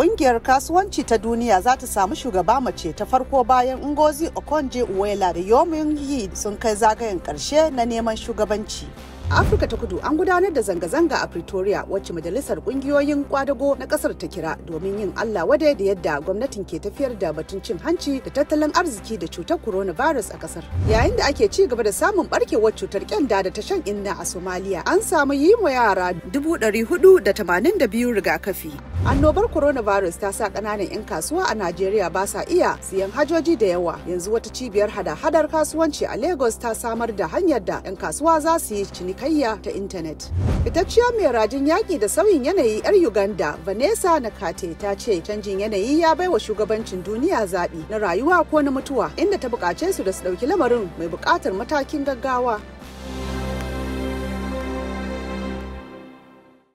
Kungiyar kasuwanci ta duniya za ta samu shugaba mace ta farko bayan Ngozi Okonje Uwela da Yomin Yi sun kai zagayen karshe na neman shugabanci. A Afirka ta kudu an gudanar da zanga-zanga a Pretoria wacce majalisar kungiyoyin kwadago na kasar ta kira domin yin Allah wada da yadda gwamnatin ke tafiyar da batun cin hanci da tattalin arziki da cutar coronavirus a kasar. Yayin da ake ci gaba da samun barkewar cutar kyanda da ta shan inna a Somalia an samu yi ma yara 482 rigakafi. Annobar coronavirus ta sa kananan 'yan kasuwa a Najeriya ba sa iya siyan hajoji da yawa. Yanzu wata cibiyar hada-hadar kasuwanci a Lagos ta samar da hanyar da 'yan kasuwa za su yi cinikayya ta intanet. Fitacciya mai rajin yaƙi da sauyin yanayi 'yar Uganda, Vanessa Nakate ta ce canjin yanayi ya baiwa shugabancin duniya zaɓi na rayuwa ko na mutuwa, inda ta buƙace su da su ɗauki lamarin mai buƙatar matakin gaggawa.